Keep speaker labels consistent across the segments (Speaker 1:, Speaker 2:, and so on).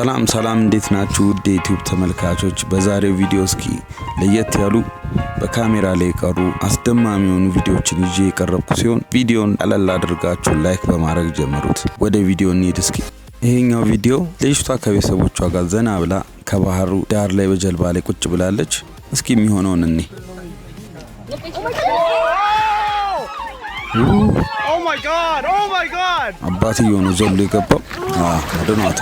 Speaker 1: ሰላም ሰላም እንዴት ናችሁ? ውድ የዩቲዩብ ተመልካቾች፣ በዛሬው ቪዲዮ እስኪ ለየት ያሉ በካሜራ ላይ የቀሩ አስደማሚ የሆኑ ቪዲዮዎችን ይዤ የቀረብኩ ሲሆን ቪዲዮን ቀለል አድርጋችሁ ላይክ በማድረግ ጀምሩት። ወደ ቪዲዮ እንሂድ እስኪ። ይሄኛው ቪዲዮ ልጅቷ ከቤተሰቦቿ ጋር ዘና ብላ ከባህሩ ዳር ላይ በጀልባ ላይ ቁጭ ብላለች። እስኪ የሚሆነውን እኔ አባትየው ነው ዘሎ የገባው። አድኗት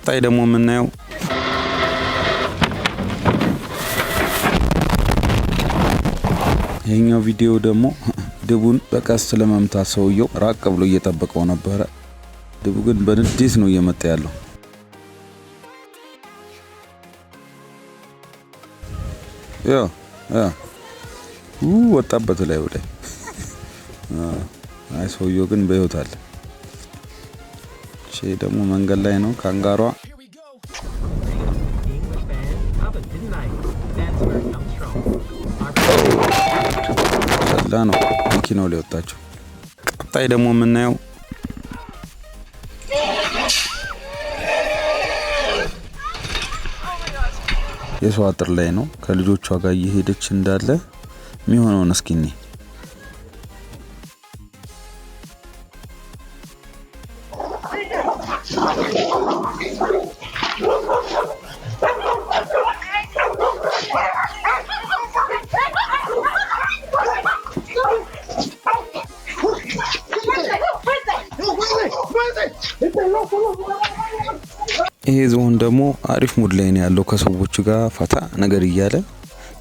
Speaker 1: ቀጣይ ደግሞ የምናየው ይህኛው ቪዲዮ ደግሞ ድቡን በቀስት ለመምታት ሰውየው ራቅ ብሎ እየጠበቀው ነበረ። ድቡ ግን በንዴት ነው እየመጣ ያለው። ወጣበት ላይ ወደ አይ ሰውየው ግን በህይወት አለ። እሺ ደግሞ መንገድ ላይ ነው ካንጋሯ። ሰላ ነው መኪናው ላይ ወጣቸው። ቀጣይ ደግሞ የምናየው የሰው አጥር ላይ ነው ከልጆቿ ጋር እየሄደች እንዳለ የሚሆነውን እስኪኔ ይሄ ዝሆን ደግሞ አሪፍ ሙድ ላይ ነው ያለው ከሰዎቹ ጋር ፈታ ነገር እያለ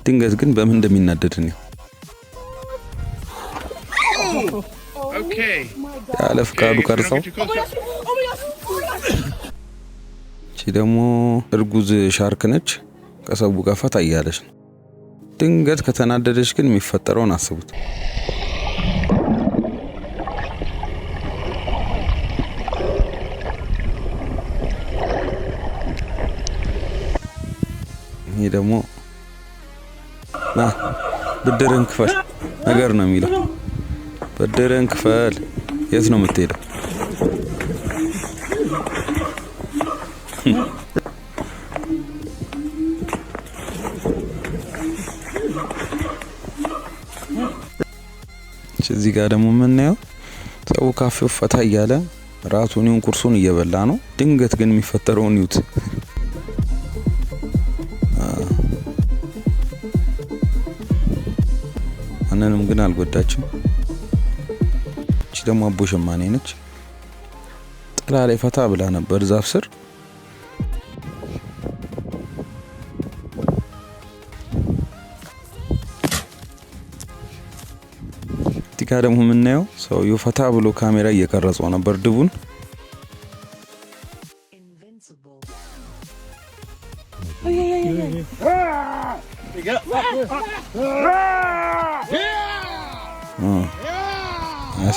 Speaker 1: ድንገት ግን በምን እንደሚናደድ ነው ያለ ፍቃዱ ቀርጸው። እቺ ደግሞ እርጉዝ ሻርክ ነች። ከሰው ጋር ፈታ እያለች ነው። ድንገት ከተናደደች ግን የሚፈጠረውን አስቡት። ደግሞ ብድርን ክፈል ነገር ነው የሚለው። ብድርን ክፈል። የት ነው የምትሄደው? እዚህ ጋር ደግሞ የምናየው ሰው ካፌው ፈታ እያለ ራቱን ይሁን ቁርሱን እየበላ ነው። ድንገት ግን የሚፈጠረውን ይዩት። እነንም ግን አልጎዳችም። እቺ ደግሞ አቦ ሸማኔ ነች። ጥላ ላይ ፈታ ብላ ነበር ዛፍ ስር። ቲካ ደግሞ የምናየው ሰውየው ፈታ ብሎ ካሜራ እየቀረጸው ነበር ድቡን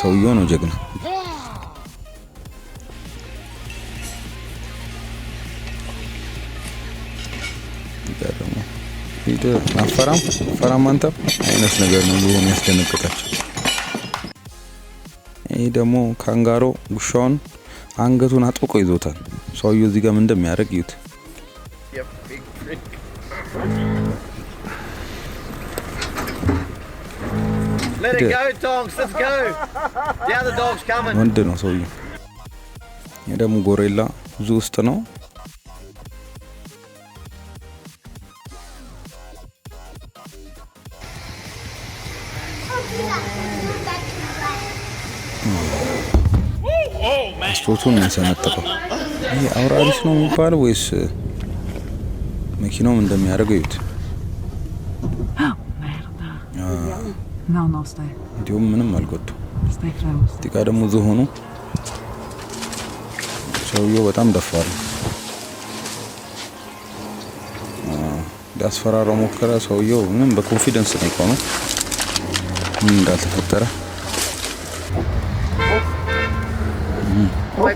Speaker 1: ሰውየው ነው ጀግና። አፈራም አፈራም አንተም አይነት ነገር ነው ሊሆን ያስደነግጣቸው። ይህ ደግሞ ካንጋሮ ውሻውን አንገቱን አጥብቆ ይዞታል። ሰውየው እዚህ ጋር ምን እንደሚያደርግ ይዩት። ወንድ ነው ሰውዬው። ይህ ደግሞ ጎሬላ ብዙ ውስጥ ነው። መስኮቱን ያሰነጠቀው ይህ አውራሪስ ነው የሚባለው ወይስ መኪናውም እንደሚያደርገው ይዩት።
Speaker 2: እንዲሁም
Speaker 1: ምንም አልጎዱ። ጢቃ ደግሞ ዝሆኑ ሰውየው በጣም ደፋር ሊያስፈራራው ሞከረ። ሰውየው ምንም በኮንፊደንስ ነው የቆመው፣ ምን እንዳልተፈጠረ
Speaker 2: oh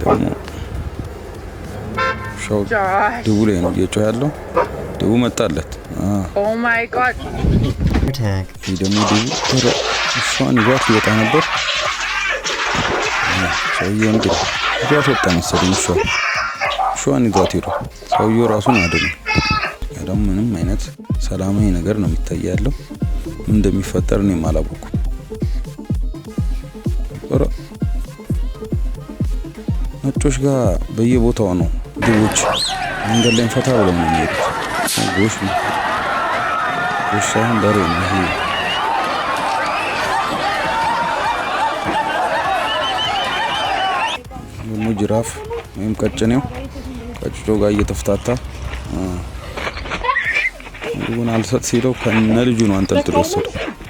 Speaker 2: ደግሞ
Speaker 1: ሻው ድቡ ላይ ነው እየጮህ ያለው። ድቡ መጣለት። ደግሞ እሷን ይዟት ይወጣ ነበር። ሰውየው እንዴ ይዟት ወጣ መሰለኝ። እሷ እሷን ይዟት ሄዱ። ሰውየው ራሱን አድኑ። ደግሞ ምንም አይነት ሰላማዊ ነገር ነው የሚታይ ያለው። ምን እንደሚፈጠር እኔም አላወኩም። ነጮች ጋር በየቦታው ነው ግቦች መንገድ ላይ ፈታ ብለው ነው የሚሄዱት። ውሻን በሬ ነው ይሄ ደግሞ ጅራፍ ወይም ቀጭኔው ቀጭጮ ጋር እየተፍታታ ምግቡን አልሰጥ ሲለው ከነ ልጁ ነው አንጠልጥሎ ወሰደው።